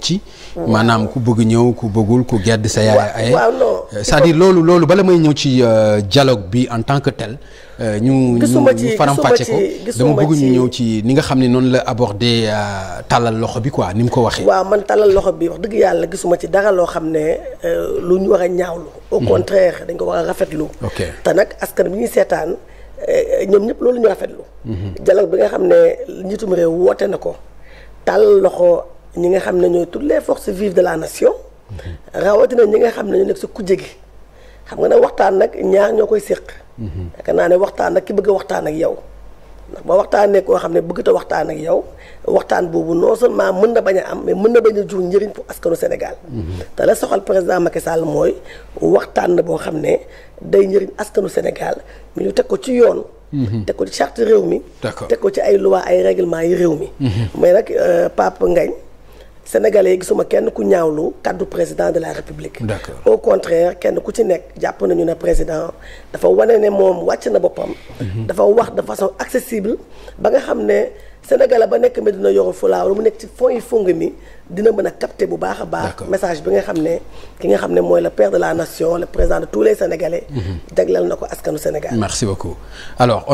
ci maanaam ku bëgg ñëw ku bëggul ku gedd sa yaay ay euh, c'est-à-dire loolu loolu bala may ñëw ci euh, dialogue bi en tant que tel euh, ñu ñu faram-fàcce ko dama bëgg ñu ñëw ci ni nga xam ne noonu la abordé tàllal loxo bi quoi ni mu ko waxee waa man tàllal loxo bi wax dëgg yàlla gisuma ci dara loo xam ne lu ñu war a ñaawlu au hmm. contraire dañ ko war a rafetlu te nag askan bi ñuy seetaan ñoom ñëpp loolu ñu rafetlu hmm. dialogue bi nga xam ne njiitum réew woote na ko tàllal loxo ñi nga xam ne ñooy toutes les forces vives de la nation. rawatina ñi nga xam ne ñu nekk si kujje gi xam nga ne waxtaan nag ñaar ñoo koy séq. yaakaar naa ne waxtaan nag ki bëgg waxtaan ak yow. ndax ba waxtaanee koo xam ne bëgg waxtaan ak yow waxtaan boobu non seulement mën na bañ a am mais mën na bañ a jur njëriñ pour askanu Sénégal. te la soxal président Macky Sall mooy waxtaan na boo xam ne day njëriñ askanu Sénégal mais ñu teg ko ci yoon. teg ko ci charte réew mi. teg ko ci ay loi ay règlement yi réew mi. Mhm. mais nag euh, Pape Ngagne. sénégalais gisuma kenn ku ñaawlu kàddu président de la république. au contraire kenn ku ci nekk jàpp nañu ne président dafa wane ne moom wàcc na boppam. Mhm. dafa wax de façon accessible ba nga xam ne. Sénégal ba nekk mi dina yoru laa lu mu nekk ci fond yi fong mi dina mën a capter bu baax a baax message bi nga xam ne ki nga xam ne mooy la père de la nation le président de tous les Sénégalais mhm. jagleel na ko askanu Sénégal merci beaucoup alors